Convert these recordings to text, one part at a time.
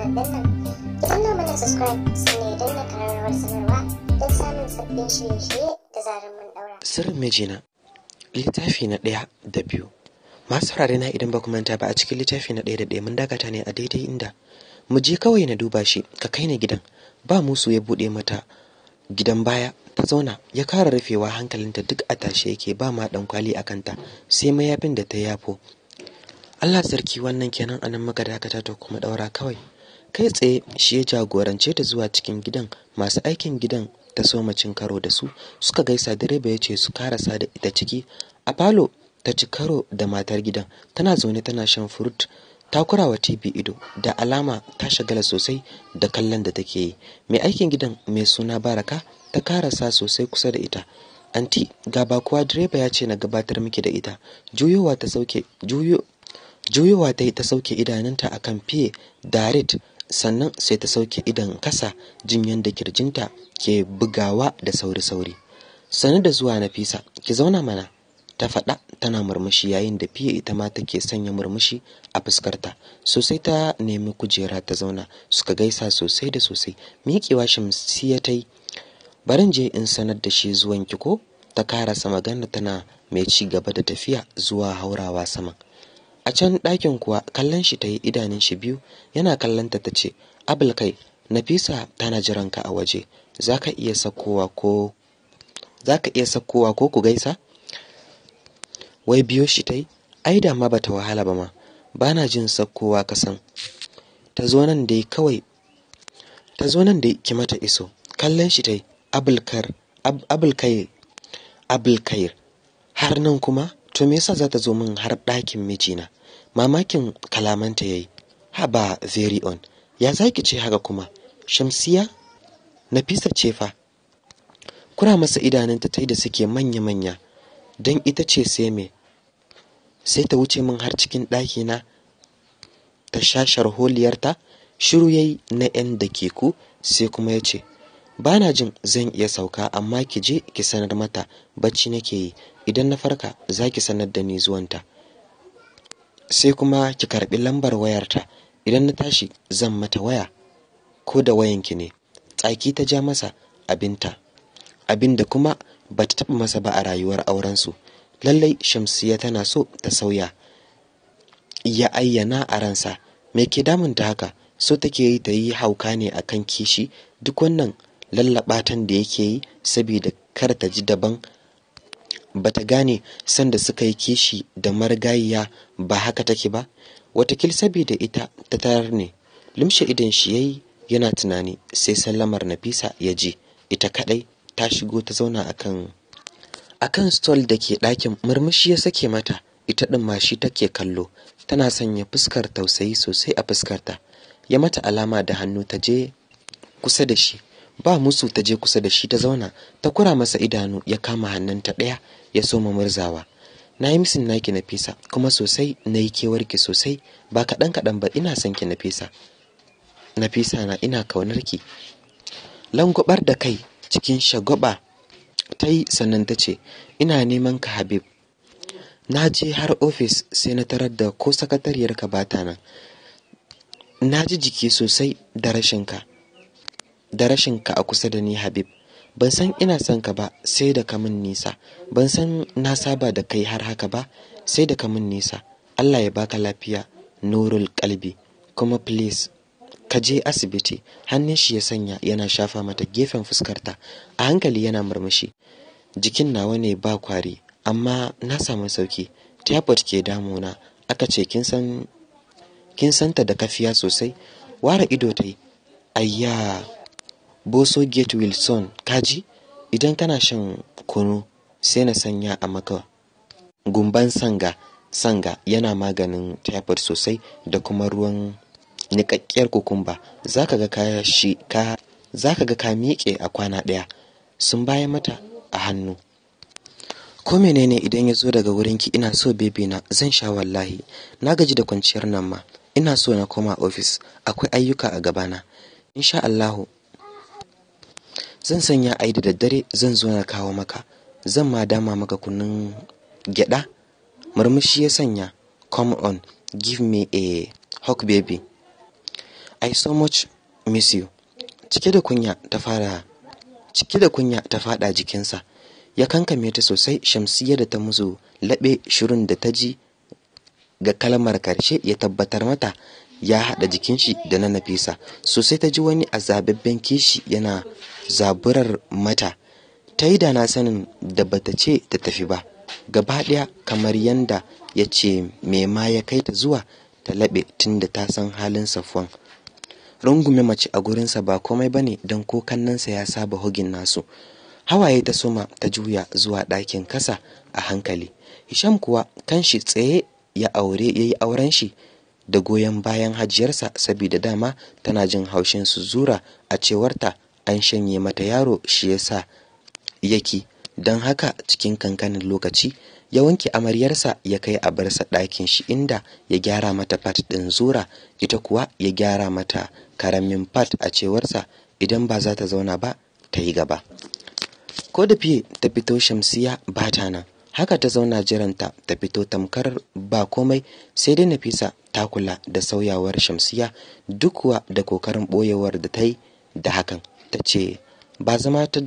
subscribe sanarwa don samun sabbin da zarar mun sirrin mijina littafi na ɗaya da biyu masu rare na idan ba ku ba a cikin littafi na ɗaya da ɗaya mun dakata ne a daidai inda mu je kawai na duba shi ka kai ni gidan ba musu ya buɗe mata gidan baya ta zauna ya kara rufewa hankalinta duk a tashe yake ba ma dan kwali a kanta sai mayafin da ta yafo Allah sarki wannan kenan anan muka dakata to kuma ɗaura kawai kai tsaye shi ya jagorance ta zuwa cikin gidan masu aikin gidan ta soma cin karo da su suka gaisa direba ya ce su karasa da ita ciki a falo ta ci karo da matar gidan tana zaune tana shan furut ta wa TV ido da alama ta shagala sosai da kallon da take yi mai aikin gidan mai suna baraka ta karasa sosai kusa da ita anti ga bakuwa direba ya ce na gabatar miki da ita juyowa ta sauke juyo juyowa ta yi ta sauke idanunta akan fiye daret sannan sai ta sauke idon kasa jin yadda kirjinta ke bugawa da sauri-sauri sannu da zuwa nafisa ki zauna mana ta faɗa tana murmushi yayin da fiye ita ma take sanya murmushi a fuskarta sosai ta nemi kujera ta zauna suka gaisa sosai da sosai miƙewa shamsiya ta yi barin je in sanar da shi zuwanki ko ta karasa magana tana mai ci gaba da tafiya zuwa haurawa saman a can ɗakin kuwa kallon shi ta yi idanun shi biyu yana kallon ta ta ce abulkai nafisa tana jiranka a waje za ka iya sakowa ko ku gaisa wai biyo shi ta yi ai da ma bata wahala ba ma ba na jin sakowa kasan ta zo nan dai kawai ta mata iso kallon shi ta yi abulkar abulkai har nan kuma to me yasa za ta zo min har ɗakin mijina mamakin kalamanta yi. haba very on ya zaki ce haka kuma shamsiya nafisa ce fa kura masa ta tai da suke manya manya dan ita ce sai me sai ta wuce min har cikin ɗakina ta shashar holiyarta shiru yayi na yan da ku sai kuma ya ce bana jin zan iya sauka amma ki je ki sanar mata bacci nake yi idan na farka za ki sanar da ni zuwanta sai kuma ki karbi lambar wayarta idan na tashi zan mata waya ko da wayanki ne tsaki ta ja masa abinta abinda kuma ba ta taɓa masa ba a rayuwar aurensu lallai shamsiya tana so ta sauya ya ayyana a ransa me ke damunta haka so take yi ta yi hauka ne a kan kishi duk wannan lallaɓatan da yake yi saboda kar ta ji daban bata gane sanda suka yi kishi da margayiya ba haka take ba watakil saboda ita ta tarar ne limshe idan shi yayi yana tunani sai sallamar nafisa ya je. ita kadai ta shigo ta zauna akan akan stall da ke ɗakin murmushi ya sake mata ita ɗin ma shi take kallo tana sanya fuskar tausayi sosai a fuskarta ya mata alama da hannu ta je kusa da shi ba musu ta je kusa da shi ta zauna ta kura masa idanu ya kama hannunta ɗaya ya soma murzawa na yi misin naki na fesa kuma sosai na yi kewar ki sosai ba kaɗan kaɗan ba ina son ki na fesa na fesa na ina kaunar ki langwabar da kai cikin shagwaba ta yi sannan ta ce ina neman ka habib na je har ofis sai na tarar da ko sakatariyar ka bata nan na ji jiki sosai da rashinka a kusa da ni habib ban san ina son ka ba sai da ka kamun nisa ban san na saba da kai har haka ba sai da ka kamun nisa Allah ya baka lafiya nurul kalbi kuma please ka je asibiti hannun shi ya sanya yana shafa mata gefen fuskarta a hankali yana murmushi jikin nawa ne ba kwari amma na samu sauki typhoid ke damuna aka ce kin santa da kafiya sosai ware ido tai ayya boso gate wilson kaji idan kana shan kunu sai na sanya a maka gumban sanga sanga yana maganin typhoid sosai da kuma ruwan niƙaƙƙiyar kukumba Za ka ga ka miƙe a kwana ɗaya sun baya mata a hannu ko menene idan ya zo daga wurinki ina so bebe na zan sha wallahi na gaji da kwanciyar nan ma ina so na koma ofis akwai ayyuka a gabana insha Allahu zan sanya ai da daddare zan zo na kawo maka zan ma dama maka kunun gyada murmushi ya sanya come on give me a hug baby i so much miss you cike da kunya ta fara cike da kunya ta fada jikinsa ya kankame ta sosai shamsiyya da ta musu labe shirin da ta ji ga kalmar karshe ya tabbatar mata ya haɗa jikin shi da na nafisa sosai ta ji wani azababben kishi yana zaburar mata ta yi da na sanin da bata ce ta tafi ba gaba ɗaya kamar yanda ya ce me ma ya kai ta zuwa ta laɓe tunda ta san halin safon rungume mace a gurinsa ba komai ba ne don ko kannansa ya saba hugin nasu hawaye ta soma ta juya zuwa ɗakin kasa a hankali hisham kuwa kanshi tsaye ya aure ya yi auren shi da goyon bayan hajiyarsa sabida dama tana jin haushin su zura a cewarta an shanye mata yaro shi yasa yake don haka cikin kankanin lokaci ya wanke amaryarsa ya kai a barsa ɗakin shi inda ya gyara mata fat ɗin zura ita kuwa ya gyara mata karamin fat a cewarsa idan ba za ta zauna ba ta yi gaba ko da fiye ta fito shamsiya ba ta nan haka ta zauna jiranta ta fito tamkar ba komai sai dai nafisa ta kula da sauyawar shamsiya duk kuwa da kokarin boyewar da ta yi da hakan ta ce ba zama ta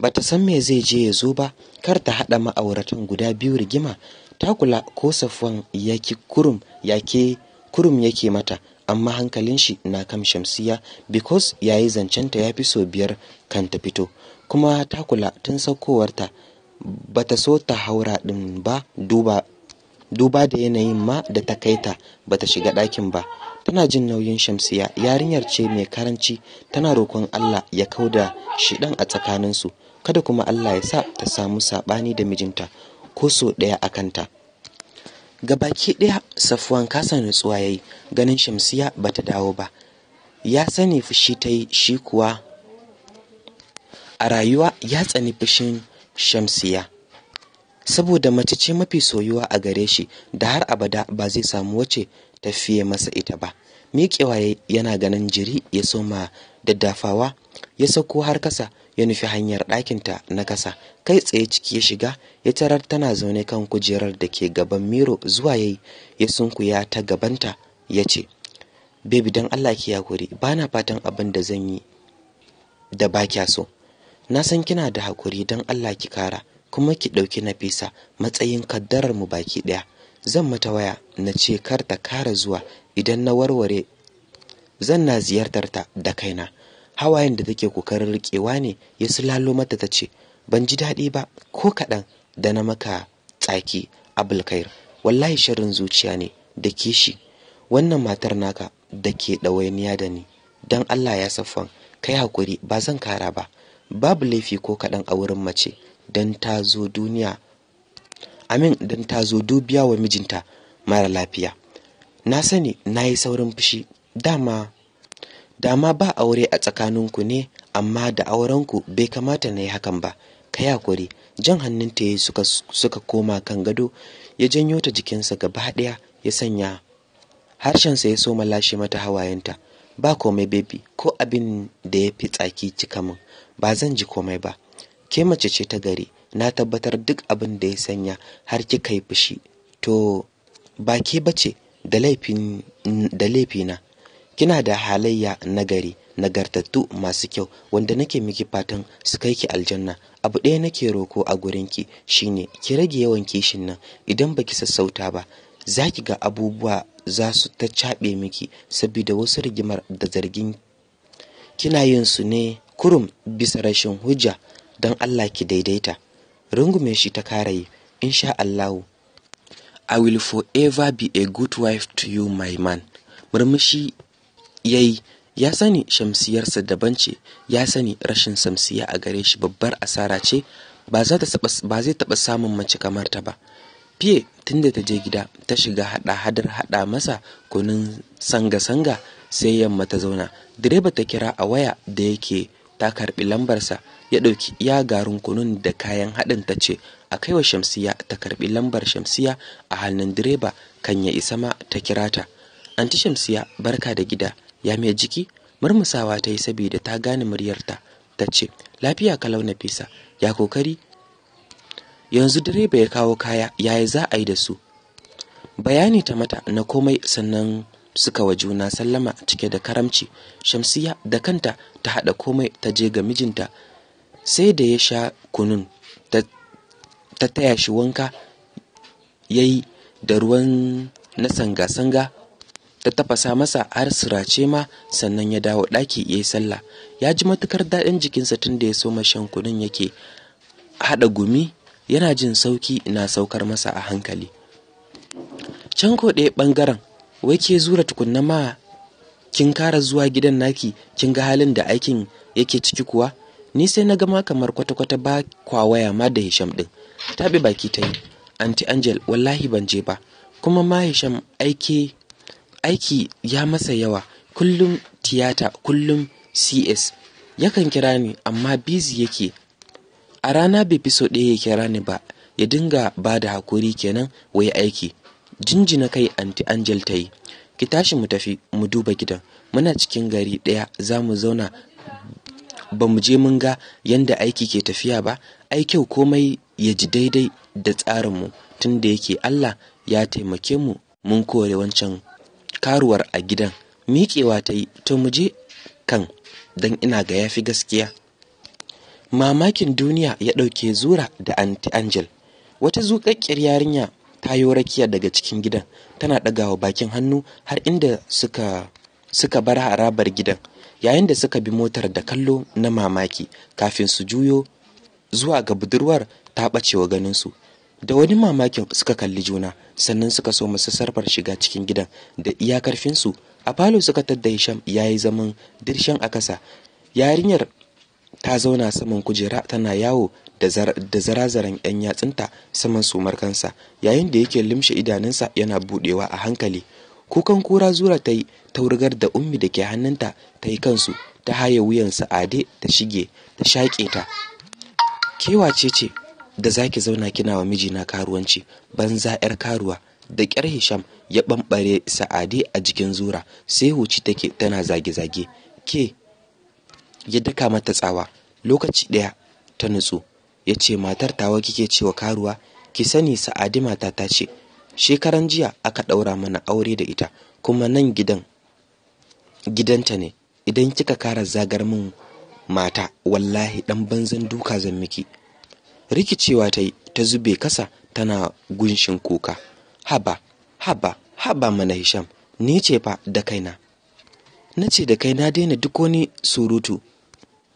ba ta san me zai je ya zo ba kar ta haɗa ma'auratan guda biyu rigima ta kula ko safwan yake kurum yake kurum yake mata amma hankalin shi na kan shamsiya because yayi zancenta ya fi so biyar kan ta fito kuma ta kula tun saukowarta ta so ta haura din ba duba duba da yanayin ma da ta kaita ta shiga ɗakin ba tana jin nauyin shamsiya yarinyar ce mai karanci tana roƙon Allah ya kau kauda ɗan a tsakaninsu kada kuma Allah ya sa ta samu saɓani da mijinta ko so ɗaya a kanta Ga baki ɗaya safuwan kasa nutsuwa ya yi ganin shamsiya ba ta dawo ba ya sani fushi ta yi shi kuwa a rayuwa ya tsani fushin shamsiya saboda mace ce mafi soyuwa a gare shi da har abada ba zai samu wace ta fiye masa ita ba miƙewa yana ganin jiri ya soma daddafawa ya sauko har kasa ya nufi hanyar ɗakinta na kasa kai tsaye ciki ya shiga ya tarar tana zaune kan kujerar da ke gaban miro zuwa yayi ya sunkuya ta gabanta ya ce bebi don allah ki hakuri ba na fatan abin da zan yi da ba kya so na san kina da hakuri don allah ki kara kuma ki ɗauki Nafisa matsayin kaddarar mu baki ɗaya. Zan mata waya na ce kar ta kara zuwa idan na warware zan na ziyartar ta da kaina. Hawayen da take kokarin riƙewa ne ya sulalo mata ta ce ban ji daɗi ba ko kaɗan da na maka tsaki Abulkair wallahi shirin zuciya ne da kishi wannan matar naka da ke ɗawainiya da ni don Allah ya saffan kai hakuri ba zan kara ba babu laifi ko kaɗan a wurin mace don ta zo duniya amin don ta zo dubiya wa mijinta mara lafiya na sani na yi saurin fushi dama dama ba aure a tsakaninku ne amma da aurenku bai kamata na yi hakan ba ka yakuri jan ta ya suka, suka koma kan gado ya janyo ta jikinsa gaba daya ya sanya harshensa ya soma lashe mata hawayenta ba komai bebi ko abin da ya fi tsaki cika min ba zan ji komai ba ke mace ce ta gari na tabbatar duk abin da ya sanya har kika yi fushi to ba ke bace da laifina kina da halayya na nagari nagartattu masu kyau wanda nake miki fatan su kai ki aljanna abu ɗaya nake roko a gurinki shine ki rage yawan kishin nan idan baki sassauta ba za ki ga abubuwa za su ta caɓe miki saboda wasu rigimar da zargin kina yin su ne kurum bisa rashin hujja don Allah ki daidaita rungume shi ta kara yi insha Allahu I will forever be a good wife to you my man murmushi ya yi ya sani shamsiyarsa daban ce ya sani rashin samsiya a gare shi babbar asara ce ba zai taɓa samun mace kamar ta ba fiye tunda ta je gida ta shiga hada hadar hada masa kunun sanga-sanga sai yamma ta zauna direba ta kira a waya da yake ta karbi lambarsa ya ɗauki iya garin kunun da kayan haɗin ta ce a kaiwa shamsiya ta karbi lambar shamsiya a hannun direba kan ya isa ma ta kira ta anti shamsiya barka da gida ya mai jiki murmusawa ta yi saboda ta gane muryarta ta ce lafiya kalau na fisa ya kokari yanzu direba ya kawo kaya yayi za a yi da su bayani ta mata na komai sannan suka wa juna sallama cike da karamci shamsiya da kanta ta haɗa komai ta je ga mijinta sai da ya sha kunun ta taya shi wanka ya yi da ruwan na sanga-sanga ta tafasa masa har surace ma sannan ya dawo ɗaki ya yi sallah ya ji matukar daɗin jikinsa tun da ya so shan kunun yake haɗa gumi yana jin sauki na saukar masa a hankali can ko ɗaya ɓangaren wai ke zura tukunna ma kin kara zuwa gidan naki kin ga halin da aikin yake ciki kuwa ni sai na gama kamar kwata-kwata ba kwawaya ma da hisham din taɓi baki ta yi anti angel wallahi ban je ba kuma ma hisham aiki aiki ya masa yawa kullum tiyata kullum cs yakan kira ni amma bizi yake a rana bai fi so ɗaya ya kira ni ba ya dinga ba da hakuri kenan wai aiki jinjina kai anti angel ta yi ki tashi mu tafi mu duba gidan muna cikin gari ɗaya za mu zauna ba mu je mun ga yadda aiki ke tafiya ba ai kyau komai ya ji daidai da tsarinmu tun da yake allah ya taimake mu mun kore wancan karuwar a gidan miƙewa ta yi to mu je kan don ina ga yafi gaskiya mamakin duniya ya ɗauke zura da anti angel wata zuƙaƙƙiyar yarinya ta yi rakiya daga cikin gidan tana ɗagawa bakin hannu har inda suka suka bar harabar gidan yayin da suka bi motar da kallo na mamaki kafin su juyo zuwa ga budurwar ta ɓacewa ganinsu da wani mamakin suka kalli juna sannan suka so masu sarfar shiga cikin gidan da iya karfinsu a falo suka tadda hisham ya yi zaman dirshen a kasa yarinyar ta zauna saman kujera tana yawo da zarazaran 'yan yatsunta saman sumar kansa yayin da yake limshe idanunsa yana budewa a hankali kukan kura zura ta yi taurigar da ummi da ke hannunta ta yi kansu ta haye wuyan sa'ade ta shige ta shaƙe ta kewa ce ce da zaki zauna kina wa mijina karuwanci banza 'yar karuwa da ƙyar hisham ya ɓamɓare sa'ade a jikin zura sai huci take tana zage-zage ke ya daka mata tsawa lokaci ɗaya ta nutsu ya ce matar tawa kike cewa karuwa ki sani sa'adi mata ta ce shekaran jiya aka ɗaura mana aure da ita kuma nan gidan gidanta ne idan kika kara zagar min mata wallahi dan banzan duka zan miki rikicewa ta yi ta zube kasa tana gunshin kuka haba haba haba mana hisham ni ce fa da kaina na ce da kaina na daina duk wani surutu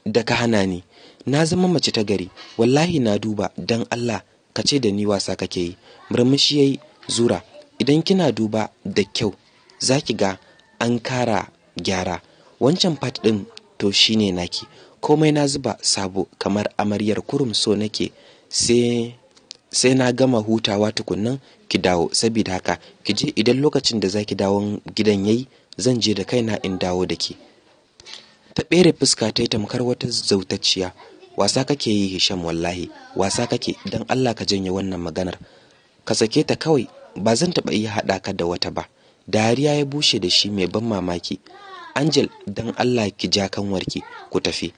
da ka hana ni na zama mace ta gari wallahi na duba dan Allah ka ce da ni wasa kake yi murmushi yayi zura idan kina duba da kyau zaki ga an kara gyara wancan fat din to shine naki komai na zuba sabo kamar amaryar kurum so nake sai sai na gama hutawa tukunnan ki dawo saboda haka ki je idan lokacin da zaki dawo gidan yayi zan je da kaina in dawo da ke. ta ɓere fuska ta yi tamkar wata zautacciya wasa kake yi Hisham wallahi wasa kake dan Allah ka janye wannan maganar ka sake ta kawai ba zan taɓa iya haɗa ka da wata ba dariya ya bushe da shi mai ban mamaki Angel dan Allah ki ja warki ku tafi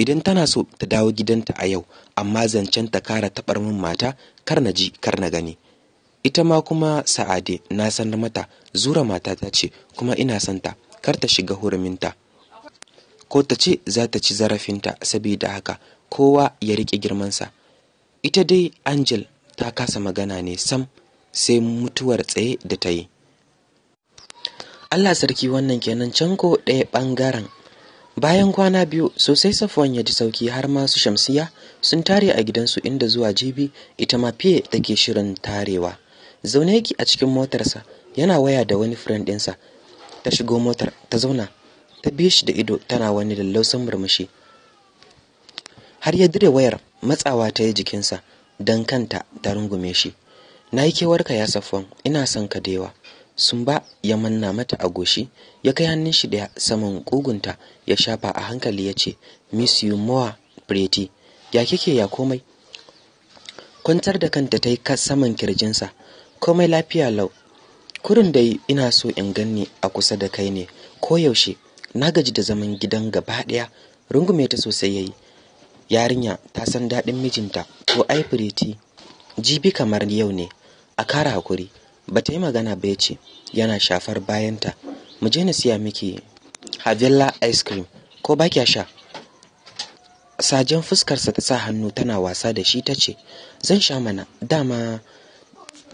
idan tana so ta dawo gidanta a yau amma zancen ta kara taɓar min mata kar na ji kar na gani ita ma kuma sa'ade na sanar mata zura mata ta ce kuma ina santa kar ta shiga huruminta ko ta ce za ta ci zarafinta saboda haka kowa ya riƙe girmansa ita dai angel ta kasa magana ne sam sai mutuwar tsaye da ta yi allah sarki wannan kenan can ko ɗaya ɓangaren bayan kwana biyu sosai safon ya ji sauki har masu shamsiya sun tare a gidansu inda zuwa jibi ita ma fiye take shirin tarewa zaune yake a cikin motarsa yana waya da wani friend ɗinsa ta shigo motar ta zauna ta bi shi da ido tana wani lallausan murmushi har ya dire wayar matsawa ta yi jikinsa don kanta ta rungume shi na yi kewarka ya safon ina son ka dewa sun ba ya manna mata a goshi ya kai hannun shi da saman kugunta ya shafa a hankali ya ce miss you more pretty ya kike ya komai kwantar da kanta ta yi saman kirjinsa komai lafiya lau kurin da ina so in ganni a kusa da kai ne koyaushe na gaji da zaman gidan gaba ɗaya rungume ta sosai yayi yarinya ta san daɗin mijinta ko aifiriti jibi kamar yau ne a kara hakuri ba ta yi magana ba ya ce yana shafar bayanta mu je na siya miki havilla ice cream ko ba kya sha sajen fuskarsa ta sa hannu tana wasa da shi ta ce zan sha mana dama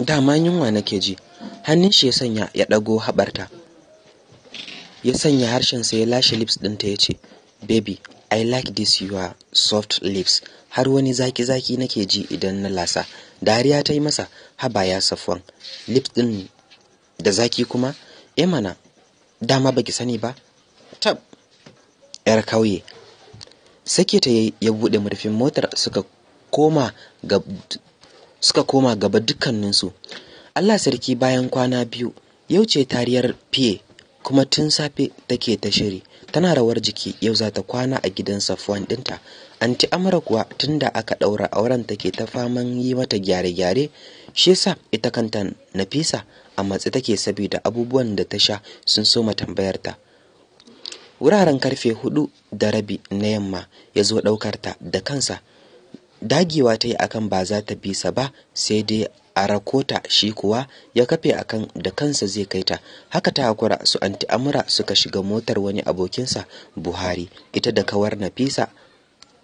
dama yunwa nake ji hannun shi ya sanya ya ɗago haɓarta ya sanya harshensa ya lashe lips ɗinta ya ce baby i like this your soft lips har wani zaki-zaki nake ji idan na lasa dariya ta yi masa haba ya safon, lips ɗin da zaki kuma eh mana, dama baki sani ba tab yar kauye sake ta ya buɗe murfin motar suka koma ga suka koma gaba dukkaninsu Allah sarki bayan kwana biyu yau ce tariyar pie. kuma tun safe take ta shiri tana rawar jiki yau za ta kwana a gidan safuwan dinta anti Amara kuwa tunda aka ɗaura auren take ta faman yi mata gyare-gyare shi sa ita kanta Nafisa a matsi take saboda abubuwan da ta sha sun soma tambayar wuraren karfe hudu da rabi na yamma ya zo ɗaukarta da kansa dagewa ta yi akan ba za ta bisa ba sai dai a rakota shi kuwa ya kafe a kan da kansa zai kai ta haka ta hakura su anti amura suka shiga motar wani abokinsa buhari ita da kawar nafisa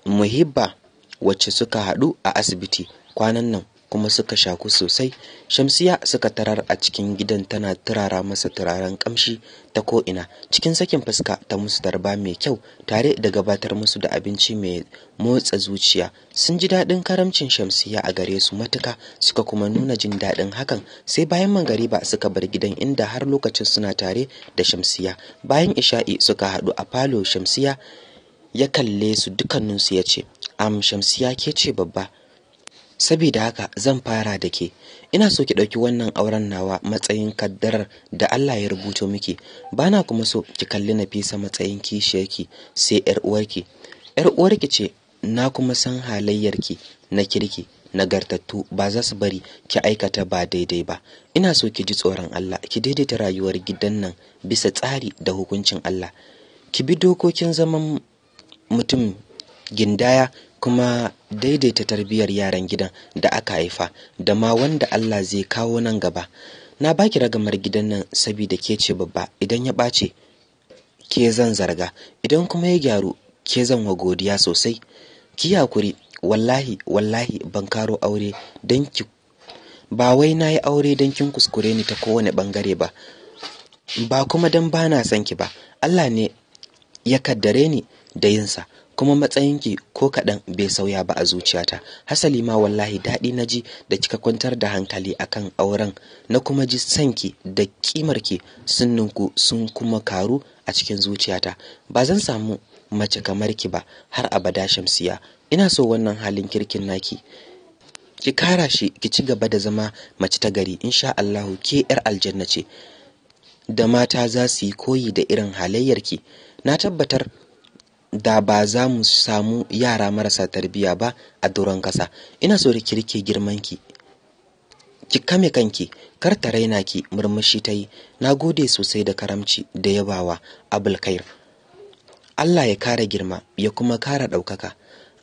muhibba wacce suka haɗu a asibiti kwanan nan kuma suka shaku sosai shamsiya suka tarar a cikin gidan tana turara masa turaren kamshi ta ko'ina cikin sakin fuska ta musu tarba mai kyau tare da gabatar musu da abinci mai motsa zuciya sun ji daɗin karamcin shamsiya a gare su matuka suka kuma nuna jin daɗin hakan sai bayan mangariba suka bar gidan inda har lokacin suna tare da shamsiya bayan isha'i suka haɗu a falo shamsiya ya kalle su dukkaninsu ya ce am shamsiya ke ce babba saboda haka zan fara da ke. Ina so ki ɗauki wannan auren nawa matsayin kaddarar da Allah ya rubuto miki. ba na kuma so ki kalli na fisa matsayin kishiyarki sai 'yar uwarki. 'Yar uwarki ce na kuma san halayyarki na kirki nagartattu ba za su bari ki aikata ba daidai ba ina so ki ji tsoron Allah ki daidaita rayuwar gidan nan bisa tsari da hukuncin Allah ki bi dokokin zaman mutum gindaya kuma daidaita tarbiyyar yaran gidan da aka haifa da ma wanda Allah zai kawo nan gaba na baki ragamar gidan nan saboda ke ce babba idan ya ɓace ke zan zarga idan kuma ya gyaru ke zan wa godiya sosai ki hakuri wallahi wallahi ban karo aure don ki ba wai na yi aure don kin kuskure ni ta kowane bangare ba ba kuma don ba na son ki ba Allah ne ya kaddare ni da yinsa kuma matsayinki ko kaɗan bai sauya ba a zuciyata hasali ma wallahi daɗi na ji da kika kwantar da hankali akan auren na kuma ji sanki da ƙimarki sun ninku sun kuma karu a cikin zuciyata ba zan samu mace kamar ki ba har abada shamsiya ina so wannan halin kirkin naki ki kara shi ki ci gaba da zama mace ta gari insha Allahu ke yar aljanna ce da mata za su yi koyi da irin halayyarki na tabbatar da ba za mu samu yara marasa tarbiyya ba a doron kasa ina so ki rike girmanki ki kame kanki kar ta raina ki murmushi ta yi na gode sosai da karamci da yabawa abulkair Allah ya kara girma ya kuma kara ɗaukaka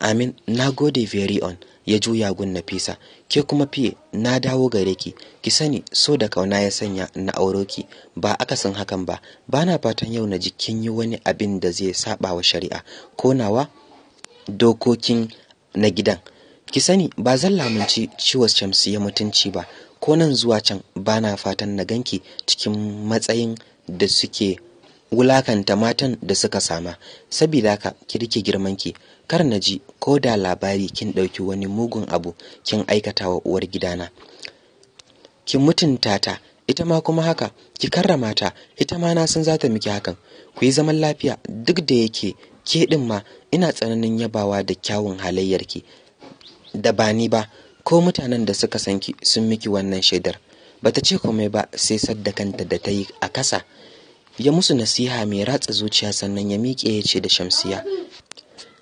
amin na gode very on ya juya gun fisa, ke kuma fiye na dawo gare ki ki sani so da kauna ya sanya na auro ki ba san hakan ba ba na fatan yau na ji kin yi wani abin da zai saba wa shari'a ko nawa dokokin na gidan ki sani ba zan lamunci ciwon shamsi ya mutunci ba ko nan zuwa can ba na fatan na ganki cikin matsayin da suke wulakanta matan da suka sama saboda ka ki rike ki, kar na ji ko da labari kin ɗauki wani mugun abu kin aikata wa uwar gidana ki mutunta ta ita ma kuma haka ki karrama ta ita ma na san za ta miki hakan ku yi zaman lafiya duk da yake ke din ma ina tsananin yabawa da kyawun halayyarki da ba ni ba ko mutanen da suka sanki sun miki wannan shaidar bata ce komai ba sai sadda kanta da ta yi a kasa ya musu nasiha mai ratsa zuciya sannan ya miƙe ya ce da shamsiya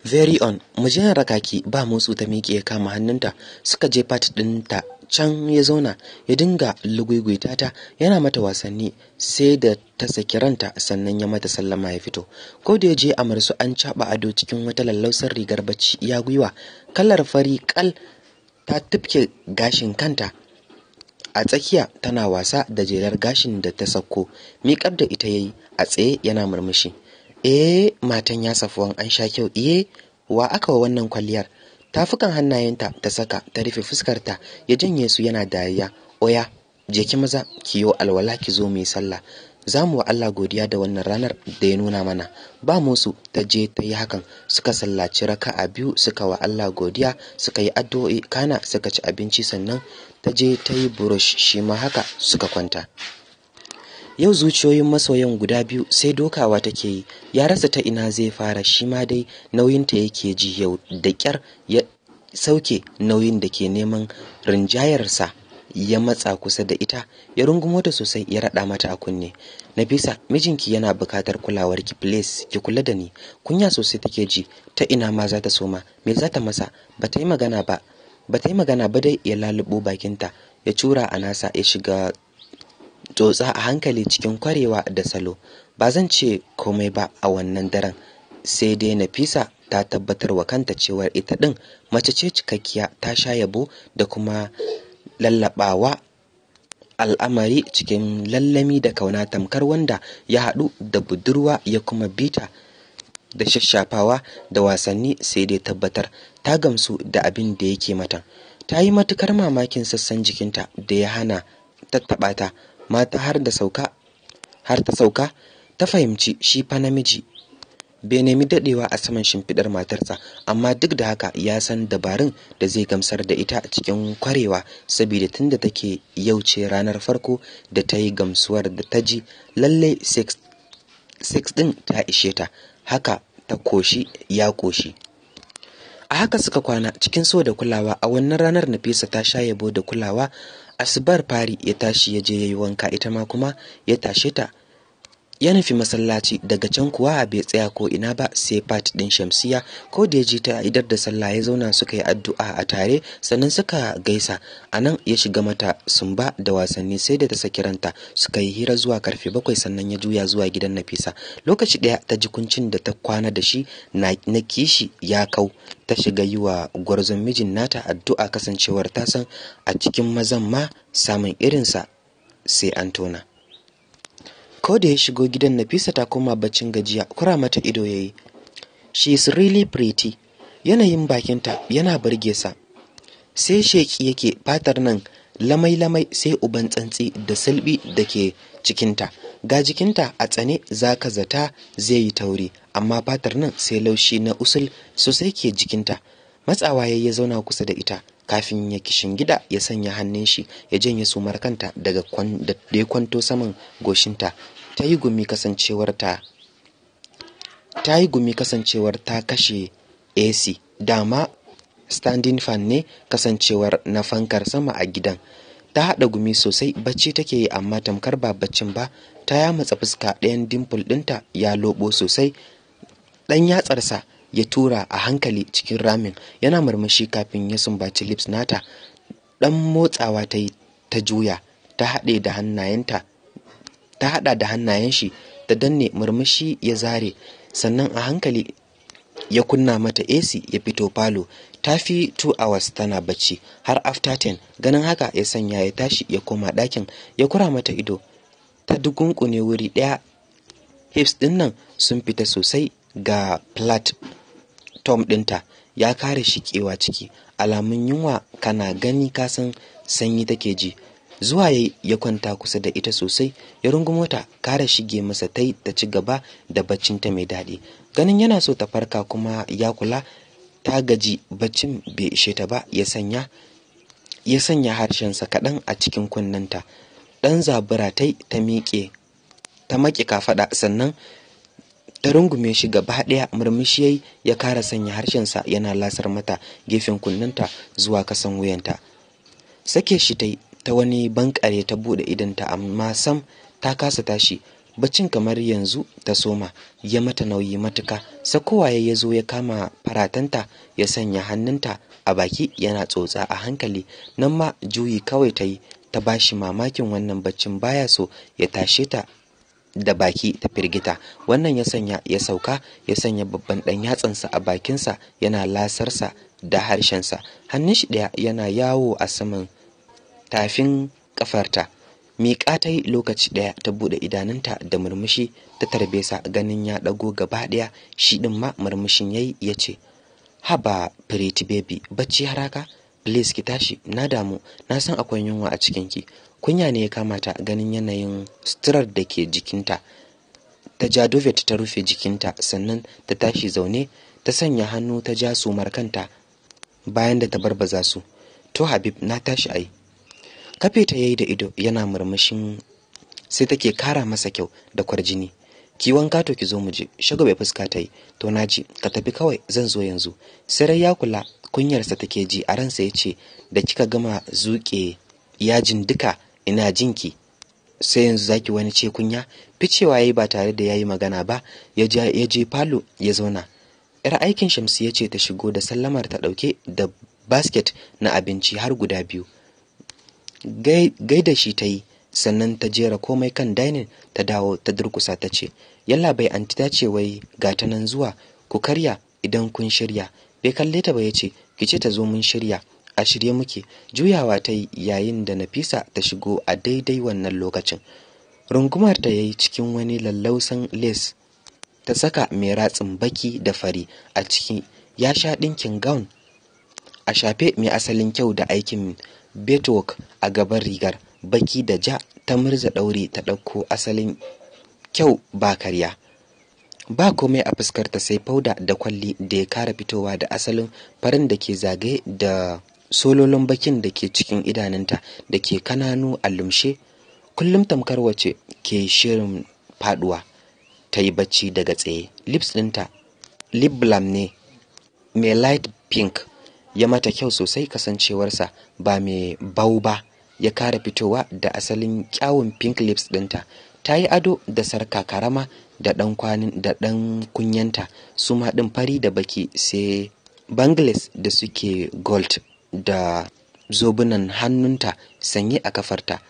very on mu rakaki ba motsu ta miƙe ya kama hannunta suka je fat ɗinta can ya zauna ya dinga lugugwita ta yana mata wasanni sai da ta saki ranta sannan ya mata sallama ya fito ko da ya je a amarsu an caɓa ado cikin wata lallausar rigar bacci ya gwiwa kalar fari kal ta tufke gashin kanta a tsakiya tana wasa da jelar gashin da ta sauko miƙar da ita yayi a tsaye yana murmushi eh matan ya safuwan an sha kyau iye eh, wa aka wa wannan kwalliyar tafukan hannayenta ta saka ta rufe fuskarta ya janye su yana dariya oya je ki maza ki alwala ki zo mu yi sallah za mu wa Allah godiya da wannan ranar da ya nuna mana ba musu ta je ta yi hakan suka sallaci raka'a biyu suka wa Allah godiya suka yi addu'o'i kana suka ci abinci sannan ta je ta yi burush shi ma haka suka kwanta yau zuciyoyin masoyan guda biyu sai dokawa take yi ya rasa ta ina zai fara shi ma dai nauyinta yake ji yau da ƙyar ya sauke nauyin da ke neman rinjayarsa ya matsa kusa da ita ya rungumo ta sosai ya rada mata a kunne nafisa mijinki yana bukatar kulawar ki place ki kula da ni kunya sosai take ji ta ina ma za ta soma me za ta masa ba ta yi magana ba ba ta yi magana ba dai ya lalubo bakinta ya cura a nasa ya shiga tsotsa a hankali cikin kwarewa da salo ba zan ce komai ba a wannan daren sai dai nafisa ta tabbatar wa kanta cewar ita ɗin mace ce cikakkiya ta sha yabo da kuma lallaɓawa al'amari cikin lallami da kauna tamkar wanda ya haɗu da budurwa ya kuma bita da shashafawa da wasanni sai dai tabbatar ta gamsu da abin da yake mata ta yi matukar mamakin sassan jikinta da ya hana tattaɓa ta mata har da sauka har ta sauka ta fahimci shi fa namiji bai nemi dadewa a saman shimfidar matarsa amma duk da haka ya san dabarun da zai gamsar da ita cikin kwarewa saboda tunda take yauce ranar farko da ta yi gamsuwar da ta ji lalle sex din ta ishe ta haka ta koshi ya koshi a haka suka kwana cikin so da kulawa a wannan ranar nafisa ta sha yabo da kulawa asibar fari ya tashi ya je ya yi wanka ita ma kuma ya tashe ta ya nufi masallaci daga can kuwa a bai tsaya ko ina ba sai fat din shamsiya ko da ya ji ta idar da sallah ya zauna suka yi addu'a a tare sannan suka gaisa a nan ya shiga mata sumba da wasanni sai da ta saki ranta suka yi hira zuwa karfe bakwai sannan ya juya zuwa gidan nafisa lokaci ɗaya ta ji kuncin da ta kwana da shi na kishi ya kau ta shiga yi wa gwarzon mijin nata addu'a kasancewar ta san a cikin mazan ma samun irinsa sai an tona ko da ya shigo gidan nafisa ta koma baccin gajiya kura mata ido yayi she is really pretty yanayin bakinta yana burge sa sai sheki yake fatar nan lamai-lamai sai uban tsantsi da sulbi da ke cikinta ga jikinta a tsane za ka zata zai yi tauri amma fatar nan sai laushi na usul sosai ke jikinta matsawa ya zauna kusa da ita kafin ya gida ya sanya hannun shi ya janye sumar kanta daga da ya kwanto saman goshinta ta yi gumi kasancewar ta ta yi gumi kasancewar kashe AC dama standing fan ne kasancewar na fankar sama a gidan ta haɗa gumi sosai bacci take yi amma tamkar ba baccin ba ta matsa fuska ɗayan dimple ɗinta ya lobo sosai ɗan yatsarsa ya tura a hankali cikin ramin yana murmushi kafin ya sumbaci lips nata dan motsawa ta yi ta juya ta haɗe da haɗa da hannayen shi ta danne murmushi ya zare sannan a hankali ya kunna mata AC ya fito falo ta fi 2 hours tana bacci har after 10 ganin haka ya sanya ya tashi ya koma ɗakin ya kura mata ido ta dugunkune wuri ɗaya hips ɗin nan sun fita sosai ga plat tom ɗinta ya kare shi kewa ciki alamun yunwa kana gani kasan sanyi take ji zuwa yayi ya kwanta kusa da ita sosai ya rungumo ta kare shige masa tai ta ci gaba da ta mai daɗi ganin yana so ta farka kuma ya kula ta gaji baccin bai ishe ta ba ya sanya ya sanya harshensa kaɗan a cikin kunnenta ɗan zabura tai ta miƙe ta maƙe kafaɗa sannan ta rungume shi gaba ɗaya murmushi yayi ya kara sanya harshen sa yana lasar mata gefen kunnanta zuwa kasan wuyanta sake shi ta ta wani bankare ta bude ta amma sam ta kasa tashi baccin kamar yanzu ta soma ya mata nauyi matuka sakowaye ya zo ya kama faratanta ya sanya hannunta a baki yana tsotsa a hankali nan ma juyi kawai ta yi ta bashi mamakin wannan baccin baya so ya tashe ta da baki ta firgita wannan ya sanya ya sauka ya sanya babban ɗan yatsansa a bakinsa yana lasarsa da harshensa hannun shi ɗaya yana yawo a saman tafin ƙafarta miƙa ta yi lokaci ɗaya ta buɗe idanunta da murmushi ta tarbe sa ganin ya ɗago gaba ɗaya shi ɗin ma murmushin yayi ya ce haba pretty baby bacci haraka please ki tashi na damu na san akwai yunwa a cikinki kunya ne ya kamata ganin yanayin suturar da ke jikinta ta ja duvet ta rufe jikinta sannan ta tashi zaune ta sanya hannu ta ja su markanta bayan da ta barbaza su to habib na tashi ai kafe ta yayi da ido yana murmushin sai take kara masa kyau da kwarjini ki wanka to ki zo mu je shago bai fuska ta yi to na ji ka tafi kawai zan zo yanzu sai ya kula kunyarsa take ji a ransa ya ce da kika gama zuke yajin duka ina jinki sai yanzu zaki wani ce kunya ficewa yayi ba tare da yayi magana ba ya je falo ya zauna yar aikin shamsi ya ce ta shigo da sallamar ta dauke da basket na abinci har guda biyu gaida shi ta yi sannan ta jera komai kan dining ta dawo ta durkusa ta ce yalla bai anti ta ce wai ga ta nan zuwa ku karya idan kun shirya bai kalle ta ba ya ce ki ce ta zo mun shirya a shirye muke juyawa ta yi yayin da nafisa ta shigo a daidai wannan lokacin rungumar ta yayi cikin wani lallausan lace ta saka mai ratsin baki da fari a ciki ya sha ɗinkin gown a shafe mai asalin kyau da aikin betwork a gaban rigar baki da ja ta murza ɗaure ta ɗauko asalin kyau ba karya ba komai a fuskarta sai fauda da kwalli da ya kara fitowa da asalin farin da ke zagaye da sololon bakin da ke cikin idanunta da ke kananu a lumshe kullum tamkar wace ke shirin faduwa ta yi bacci daga tsaye lips ɗinta lip balm ne mai light pink ya mata kyau sosai kasancewarsa ba mai bau ba ya kara fitowa da asalin kyawun pink lips ɗinta ta yi ado da sarka karama da ɗan kwanin da ɗan kunyanta su ma fari da baki sai bangles da suke gold da zobunan hannunta sanye a kafarta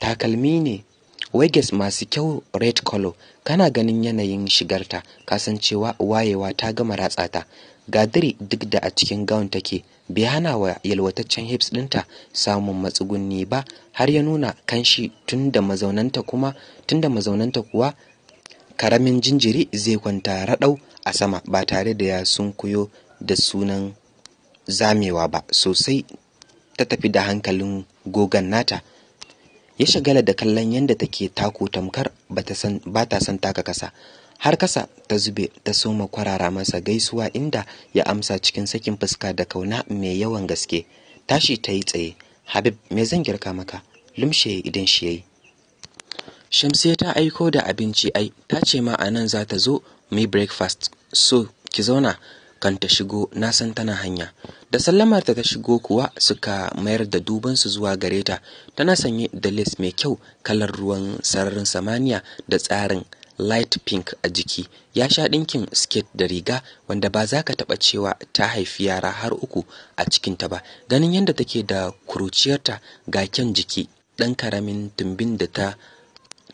takalmi ne wages masu kyau red color kana ganin yanayin shigarta kasancewa wayewa ta gama ratsata gadiri duk da a cikin gown take bai hana wa yalwataccen hips ɗinta samun matsugunni ba har ya nuna kanshi tunda mazaunanta kuma tunda mazaunanta kuwa karamin jinjiri zai kwanta raɗau a sama ba tare da ya sunkuyo da sunan zamewa ba sosai ta tafi da hankalin gogan nata ya shagala da kallon yadda take tako tamkar ba ta son taka kasa har kasa ta zube ta soma kwarara masa gaisuwa inda ya amsa cikin sakin fuska da kauna mai yawan gaske tashi ta yi tsaye habib me zan girka maka lumshe idan shi yayi shamsiya ta aiko da abinci ai ta ce ma anan za ta zo mu breakfast so ki zauna kan ta shigo na san tana hanya da sallamar ta ta shigo kuwa suka mayar da duban su zuwa gareta, tana sanye da lace mai kyau kalar ruwan sararin samaniya da tsarin light pink a jiki ya sha dinkin skate da riga wanda ba za ka taɓa cewa ta haifi yara har uku a cikinta ba ganin yadda take da kuruciyarta ga kyan jiki ɗan karamin tumbin da ta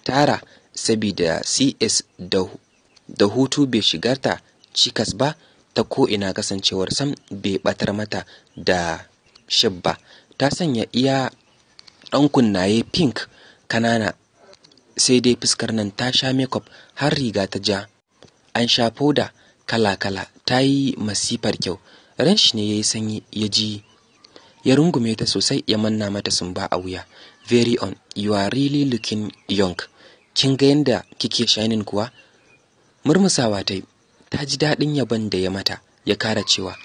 tara sabida cs da hutu bai shigarta cikas ba ta ko'ina kasancewar sam bai batar mata da ba. ta sanya iya ɗan kunnaye pink kanana sai dai fuskar nan ta sha makeup har riga ta ja an sha foda kala-kala ta yi masifar kyau ran ne ya yi sanyi ya ji ya rungume ta sosai ya manna mata sumba a wuya very on you are really looking young kin ga yadda kike shining kuwa murmusawa ta yi ta ji daɗin yabon da ya mata ya kara cewa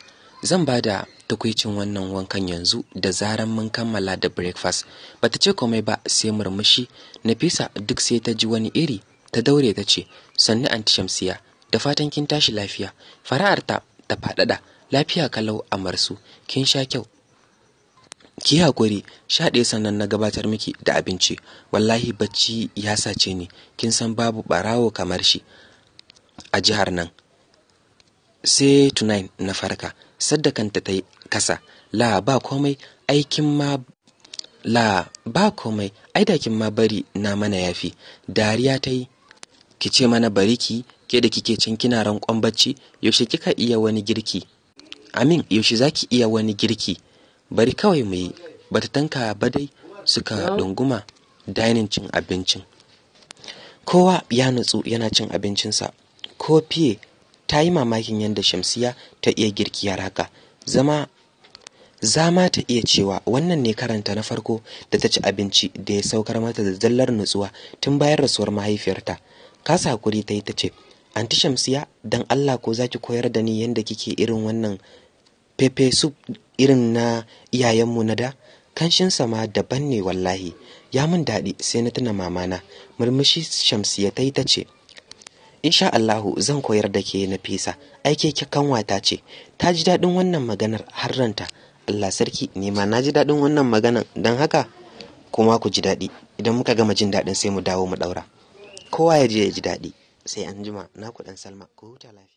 zan ba da takwicin wannan wankan yanzu da zaran mun kammala da breakfast ta ce komai ba sai murmushi nafisa duk sai ta ji wani iri ta daure ta ce sannu anti shamsiya da fatan kin tashi lafiya fara'arta ta faɗaɗa lafiya kalau a marsu kin sha kyau ki hakuri sha ɗaya sannan na gabatar miki da abinci wallahi bacci ya sace ni kin san babu ɓarawo kamar shi a jihar nan sai tunain na farka sadda ta yi kasa la ba komai aikin ma la ba komai ai ma bari na mana yafi dariya ta yi ki ce mana bari ki ke da kike cin kina rankon bacci yaushe kika iya wani girki amin yaushe zaki iya wani girki bari kawai mu yi ba ta tanka ba dai suka dunguma dainin cin abincin kowa ya nutsu yana cin abincinsa ko fiye ta yi mamakin yadda Shamsiya ta iya girkiyar haka zama zama ta iya cewa wannan ne karanta na farko da ta ci abinci da ya saukar mata da zallar nutsuwa tun bayan rasuwar mahaifiyarta kasa hakuri ta yi ta ce anti shamsiya Don allah ko za ki koyar da ni yadda kike irin wannan pepe soup irin na iyayenmu na da kanshin sama daban ne wallahi ya mun daɗi sai na tuna mamana murmushi shamsiya ta yi ta ce insha Allahu zan koyar da ke Nafisa aike kyakkan kanwata ce ta ji daɗin wannan maganar har ranta Allah sarki nema ma na ji daɗin wannan maganar don haka kuma ku ji daɗi idan muka gama jin daɗin sai mu dawo mu ɗaura kowa ya je ya ji daɗi sai an jima na ku ɗan Salma ku huta lafiya